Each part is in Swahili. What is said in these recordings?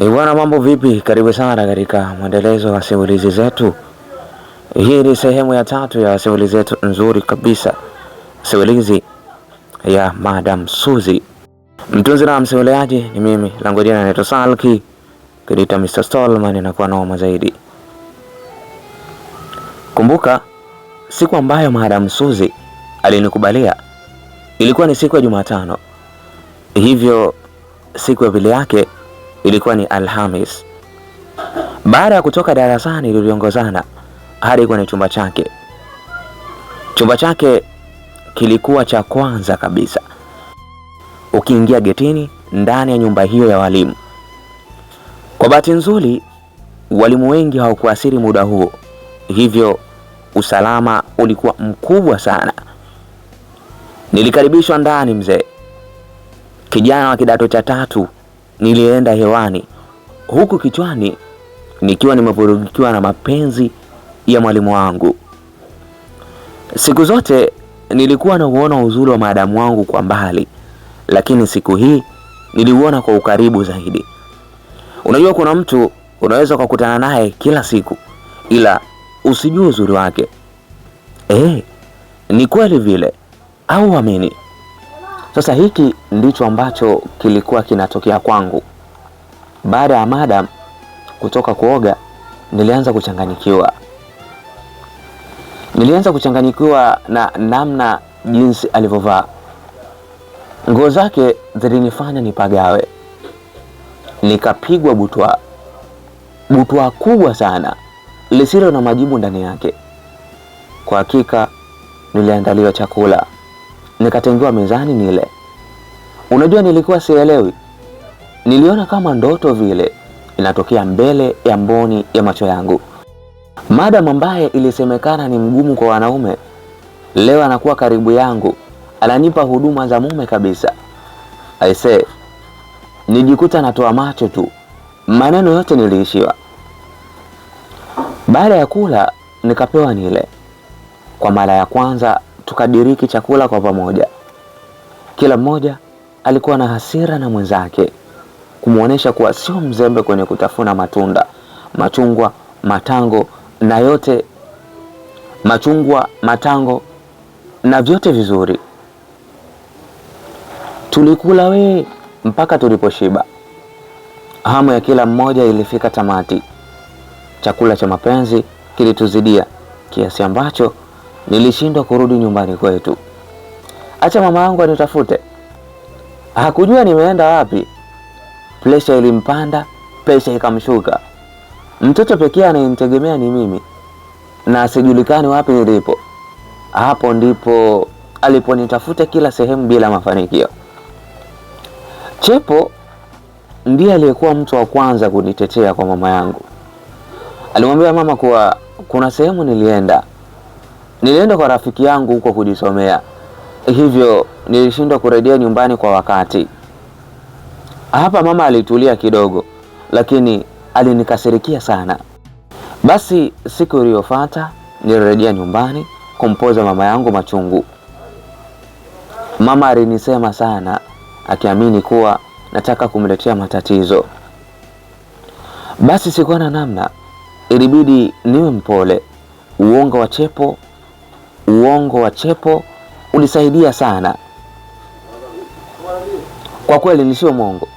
Eh, bwana, mambo vipi? Karibu sana katika mwendelezo wa simulizi zetu. Hii ni sehemu ya tatu ya simulizi zetu nzuri kabisa, simulizi ya Madam Suzy. Mtunzi na msimuliaji ni mimi, langu jina naitwa Salki Kidita, Mr Stallman, inakuwa noma zaidi. Kumbuka siku ambayo Madam Suzy alinikubalia ilikuwa ni siku ya Jumatano, hivyo siku ya pili yake ilikuwa ni Alhamis. Baada ya kutoka darasani, tuliongozana hadi kwenye chumba chake. Chumba chake kilikuwa cha kwanza kabisa ukiingia getini ndani ya nyumba hiyo ya walimu. Kwa bahati nzuri, walimu wengi hawakuasiri muda huo, hivyo usalama ulikuwa mkubwa sana. Nilikaribishwa ndani mzee, kijana wa kidato cha tatu nilienda hewani huku kichwani nikiwa nimevurugikiwa na mapenzi ya mwalimu wangu. Siku zote nilikuwa nauona uzuri wa maadamu wangu kwa mbali, lakini siku hii niliuona kwa ukaribu zaidi. Unajua, kuna mtu unaweza kukutana naye kila siku ila usijue uzuri wake. Eh, ni kweli vile au amini? Sasa hiki ndicho ambacho kilikuwa kinatokea kwangu. Baada ya madam kutoka kuoga, nilianza kuchanganyikiwa. Nilianza kuchanganyikiwa na namna jinsi alivyovaa. Nguo zake zilinifanya nipagawe, nikapigwa butwa, butwa kubwa sana lisilo na majibu ndani yake. Kwa hakika niliandaliwa chakula nikatengewa mezani nile. Unajua, nilikuwa sielewi, niliona kama ndoto vile inatokea mbele ya mboni ya macho yangu. Madam ambaye ilisemekana ni mgumu kwa wanaume, leo anakuwa karibu yangu, ananipa huduma za mume kabisa. Aise, nijikuta natoa macho tu, maneno yote niliishiwa. Baada ya kula nikapewa nile. Kwa mara ya kwanza tukadiriki chakula kwa pamoja. Kila mmoja alikuwa na hasira na mwenzake, kumwonyesha kuwa sio mzembe kwenye kutafuna matunda, machungwa, matango na yote machungwa, matango na vyote vizuri. Tulikula we mpaka tuliposhiba. Hamu ya kila mmoja ilifika tamati. Chakula cha mapenzi kilituzidia kiasi ambacho nilishindwa kurudi nyumbani kwetu. Acha mama yangu anitafute. Hakujua nimeenda wapi. Presha ilimpanda, presha ikamshuka. Mtoto pekee anayemtegemea ni mimi na sijulikani wapi nilipo. Hapo ndipo aliponitafuta kila sehemu bila mafanikio. Chepo ndiye aliyekuwa mtu wa kwanza kunitetea kwa mama yangu. Alimwambia mama kuwa kuna sehemu nilienda Nilienda kwa rafiki yangu huko kujisomea, hivyo nilishindwa kurejea nyumbani kwa wakati. Hapa mama alitulia kidogo, lakini alinikasirikia sana. Basi siku iliyofuata nilirejea nyumbani kumpoza mama yangu machungu. Mama alinisema sana, akiamini kuwa nataka kumletea matatizo. Basi sikuwa na namna, ilibidi niwe mpole. Uongo wa chepo uongo wa Chepo ulisaidia sana kwa kweli, ni sio mwongo.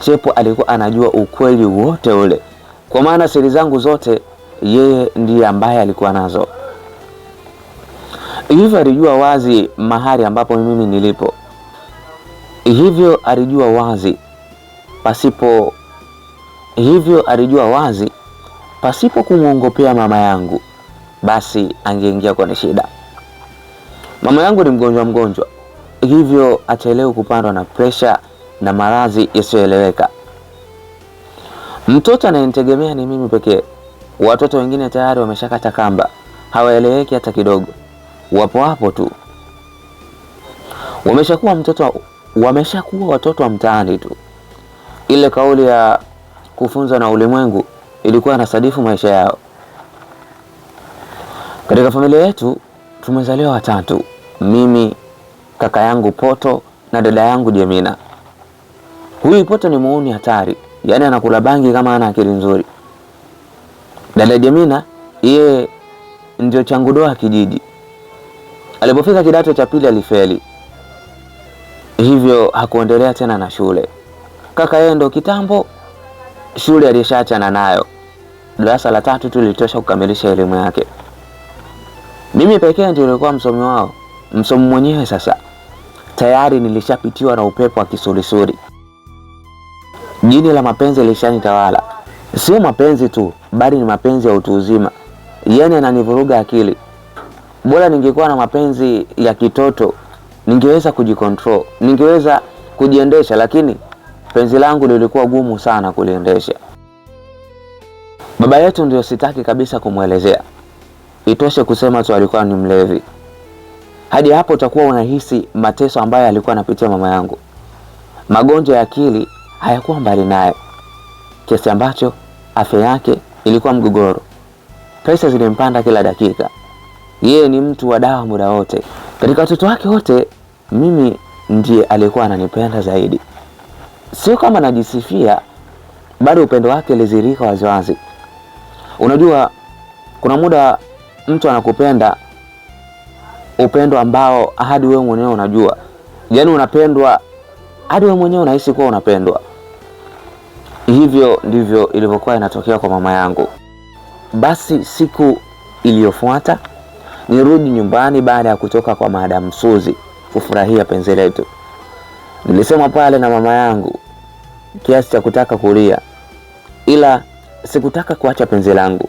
Chepo alikuwa anajua ukweli wote ule, kwa maana siri zangu zote yeye ndiye ambaye alikuwa nazo, hivyo alijua wazi mahali ambapo mimi nilipo, hivyo alijua wazi pasipo hivyo alijua wazi pasipo kumwongopea mama yangu basi angeingia kwenye shida. Mama yangu ni mgonjwa mgonjwa, hivyo achelewe kupandwa na presha na maradhi yasiyoeleweka. Mtoto anayenitegemea ni mimi pekee. Watoto wengine tayari wameshakata kamba, hawaeleweki hata kidogo, wapo hapo tu, wameshakuwa mtoto, wameshakuwa watoto wa mtaani tu. Ile kauli ya kufunza na ulimwengu ilikuwa inasadifu maisha yao. Katika familia yetu tumezaliwa watatu, mimi, kaka yangu Poto na dada yangu Jemina. Huyu Poto ni muuni hatari, yaani anakula bangi kama ana akili nzuri. Dada Jemina yeye ndio changudoa kijiji. Alipofika kidato cha pili alifeli, hivyo hakuendelea tena na shule. Kaka yeye ndo kitambo shule alishachana nayo, darasa la tatu tu lilitosha kukamilisha elimu yake. Mimi pekee ndio nilikuwa msomi wao, msomi mwenyewe. Sasa tayari nilishapitiwa na upepo wa kisulisuli, jini la mapenzi lishanitawala. Sio mapenzi tu, bali ni mapenzi ya utu uzima, yaani ananivuruga akili. Bora ningekuwa na mapenzi ya kitoto, ningeweza kujikontrol, ningeweza kujiendesha, lakini penzi langu lilikuwa gumu sana kuliendesha. Baba yetu ndio sitaki kabisa kumwelezea. Itoshe kusema tu alikuwa ni mlevi. Hadi hapo utakuwa unahisi mateso ambayo alikuwa anapitia mama yangu. Magonjwa ya akili hayakuwa mbali naye, kiasi ambacho afya yake ilikuwa mgogoro. Pesa zilimpanda kila dakika. Yeye ni mtu wa dawa muda wote. Katika watoto wake wote, mimi ndiye alikuwa ananipenda zaidi. Sio kama najisifia, bado upendo wake ulidhihirika waziwazi. Unajua, kuna muda mtu anakupenda upendo ambao hadi wewe mwenyewe unajua, yaani unapendwa hadi wewe mwenyewe unahisi kuwa unapendwa. Hivyo ndivyo ilivyokuwa inatokea kwa mama yangu. Basi siku iliyofuata nirudi nyumbani baada ya kutoka kwa Madam Suzi kufurahia penzi letu. Nilisema pale na mama yangu kiasi cha kutaka kulia, ila sikutaka kuacha penzi langu.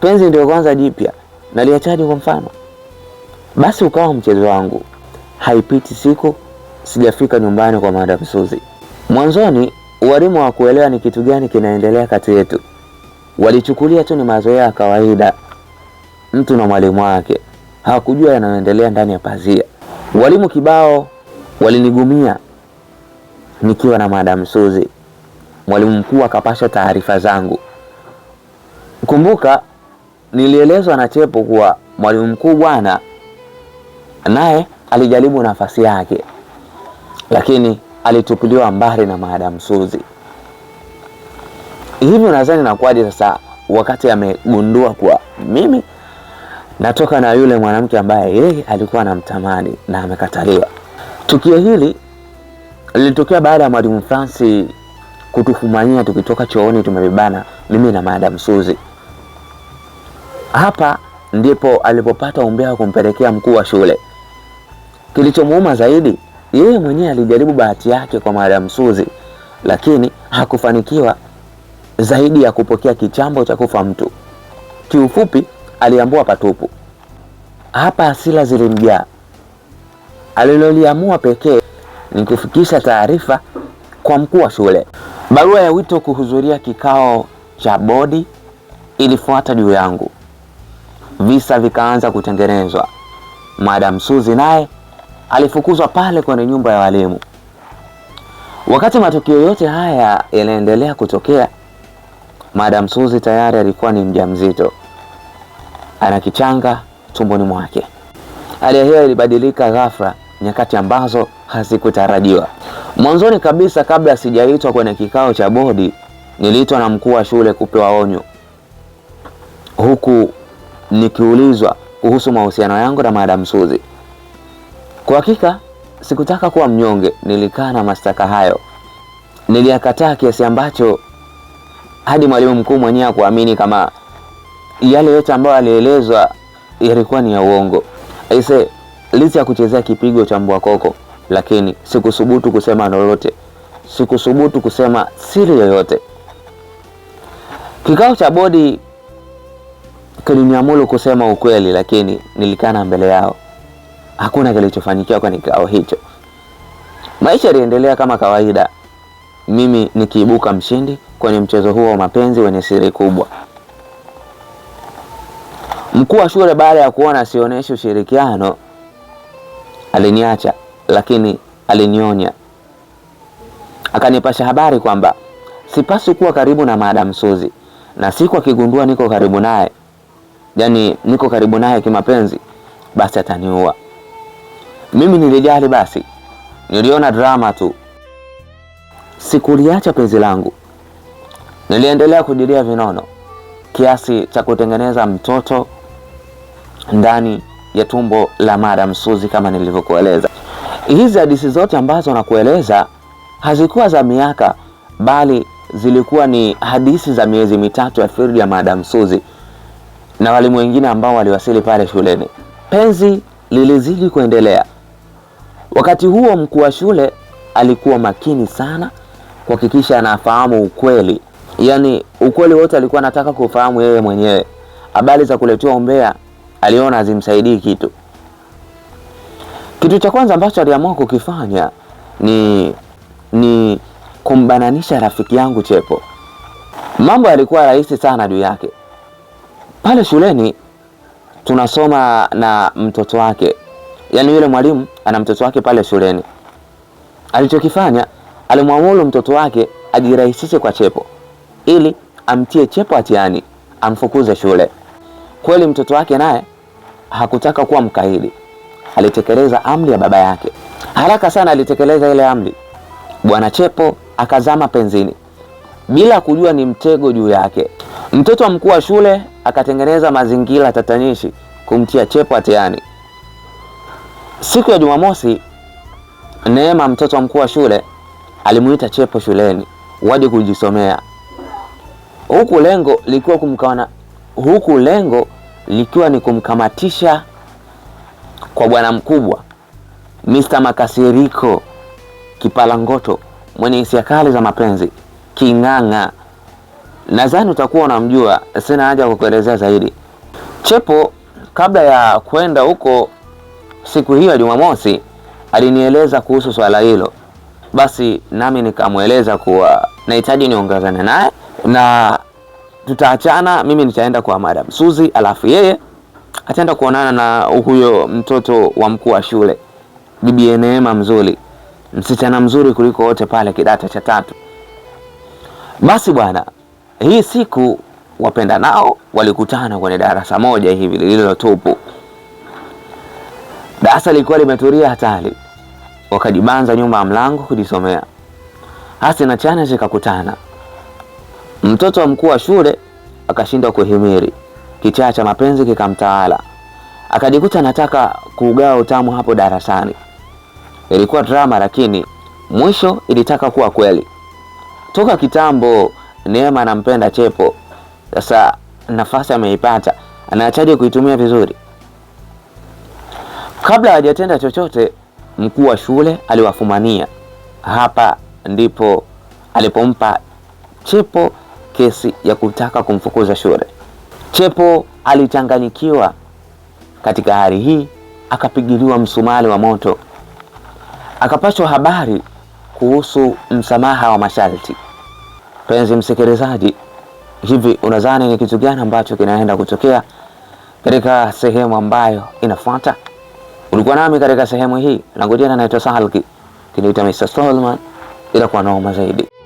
Penzi ndio kwanza jipya naliachaje kwa mfano, basi ukawa mchezo wangu. Haipiti siku sijafika nyumbani kwa Madam Suzy. Mwanzoni walimu wa kuelewa ni kitu gani kinaendelea kati yetu, walichukulia tu ni mazoea ya kawaida, mtu na mwalimu wake. Hawakujua yanayoendelea ndani ya pazia. Walimu kibao walinigumia nikiwa na Madam Suzy. Mwalimu mkuu akapasha taarifa zangu. Kumbuka nilielezwa na Chepo kuwa mwalimu mkuu bwana naye alijaribu nafasi yake, lakini alitupiliwa mbali na maadamu Suzi. Hivyo nadhani nakuwaje sasa, wakati amegundua kuwa mimi natoka na yule mwanamke ambaye yeye alikuwa anamtamani na amekataliwa. Tukio hili lilitokea baada ya mwalimu Fransi kutufumania tukitoka chooni tumebebana, mimi na maadamu Suzi. Hapa ndipo alipopata umbea wa kumpelekea mkuu wa shule. Kilichomuuma zaidi, yeye mwenyewe alijaribu bahati yake kwa Mariam Suzi, lakini hakufanikiwa zaidi ya kupokea kichambo cha kufa mtu. Kiufupi, aliambua patupu. Hapa hasira zilimjaa. Aliloliamua pekee ni kufikisha taarifa kwa mkuu wa shule. Barua ya wito kuhudhuria kikao cha bodi ilifuata juu yangu visa vikaanza kutengenezwa. Madam Suzi naye alifukuzwa pale kwenye nyumba ya walimu. Wakati matukio yote haya yanaendelea kutokea, Madam Suzi tayari alikuwa ni mjamzito, ana kichanga tumboni mwake. Hali ya hewa ilibadilika ghafla, nyakati ambazo hazikutarajiwa. Mwanzoni kabisa, kabla sijaitwa kwenye kikao cha bodi, niliitwa na mkuu wa shule kupewa onyo, huku nikiulizwa kuhusu mahusiano yangu na Madam Suzi. Kwa hakika sikutaka kuwa mnyonge, nilikaa na mashtaka hayo, niliyakataa kiasi ambacho hadi mwalimu mkuu mwenyewe hakuamini kama yale yote ambayo alielezwa yalikuwa ni ya uongo. Aise, licha ya kuchezea kipigo cha mbwa koko, lakini sikusubutu kusema lolote, sikusubutu kusema siri yoyote. Kikao cha bodi Kiliniamulu kusema ukweli, lakini nilikana mbele yao. Hakuna kilichofanikiwa kwenye kikao hicho. Maisha yaliendelea kama kawaida, mimi nikiibuka mshindi kwenye mchezo huo wa mapenzi wenye siri kubwa. Mkuu wa shule baada ya kuona sionyeshi ushirikiano aliniacha, lakini alinionya, akanipasha habari kwamba sipaswi kuwa karibu na Madam Suzi, na siku akigundua niko karibu naye yani niko karibu naye kimapenzi, basi ataniua mimi. Nilijali basi, niliona drama tu, sikuliacha penzi langu. Niliendelea kujilia vinono kiasi cha kutengeneza mtoto ndani ya tumbo la Madam Suzy kama nilivyokueleza. Hizi hadithi zote ambazo nakueleza hazikuwa za miaka, bali zilikuwa ni hadithi za miezi mitatu ya firdi ya Madam Suzy na walimu wengine ambao waliwasili pale shuleni. Penzi lilizidi kuendelea. Wakati huo mkuu wa shule alikuwa makini sana kuhakikisha anafahamu ukweli, yaani ukweli wote alikuwa anataka kufahamu yeye mwenyewe. Habari za kuletewa umbea aliona hazimsaidii kitu. Kitu cha kwanza ambacho aliamua kukifanya ni ni kumbananisha rafiki yangu Chepo. Mambo yalikuwa rahisi sana juu yake. Pale shuleni tunasoma na mtoto wake, yaani yule mwalimu ana mtoto wake pale shuleni. Alichokifanya, alimwamuru mtoto wake ajirahisishe kwa chepo ili amtie chepo atiani amfukuze shule. Kweli mtoto wake naye hakutaka kuwa mkaidi, alitekeleza amri ya baba yake. Haraka sana alitekeleza ile amri, bwana chepo akazama penzini bila kujua ni mtego juu yake. Mtoto wa mkuu wa shule akatengeneza mazingira tatanishi kumtia chepo hatiani. Siku ya Jumamosi, Neema mtoto wa mkuu wa shule alimuita Chepo shuleni waje kujisomea, huku lengo likiwa kumkana, huku lengo likiwa ni kumkamatisha kwa bwana mkubwa Mr. Makasiriko kipalangoto mwenye hisia kali za mapenzi king'ang'a nadhani utakuwa unamjua, sina haja ya kukuelezea zaidi. Chepo kabla ya kwenda huko siku hiyo ya Jumamosi alinieleza kuhusu swala hilo, basi nami nikamweleza kuwa nahitaji niongezane naye na tutaachana, mimi nitaenda kwa Madam Suzi, alafu yeye ataenda kuonana na huyo mtoto wa mkuu wa shule Bibi Neema Mzuri, msichana mzuri kuliko wote pale kidato cha tatu. Basi bwana hii siku wapenda nao walikutana kwenye darasa moja hivi lililotupu. Darasa lilikuwa limetulia hatari, wakajibanza nyuma ya mlango kujisomea. Hasi na Chana zikakutana. Mtoto wa mkuu wa shule akashindwa kuhimiri kichaa cha mapenzi kikamtawala, akajikuta anataka kuugawa utamu hapo darasani. Ilikuwa drama, lakini mwisho ilitaka kuwa kweli. Toka kitambo Neema anampenda Chepo, sasa nafasi ameipata, anaachaje kuitumia vizuri? Kabla hajatenda chochote, mkuu wa shule aliwafumania. Hapa ndipo alipompa Chepo kesi ya kutaka kumfukuza shule. Chepo alichanganyikiwa katika hali hii, akapigiliwa msumali wa moto, akapashwa habari kuhusu msamaha wa masharti. Mpenzi msikilizaji, hivi unadhani ni kitu gani ambacho kinaenda kutokea katika sehemu ambayo inafuata? Ulikuwa nami katika sehemu hii na ngojana, naitwa Salki kiniita Mr. Solman, ila kwa noma zaidi.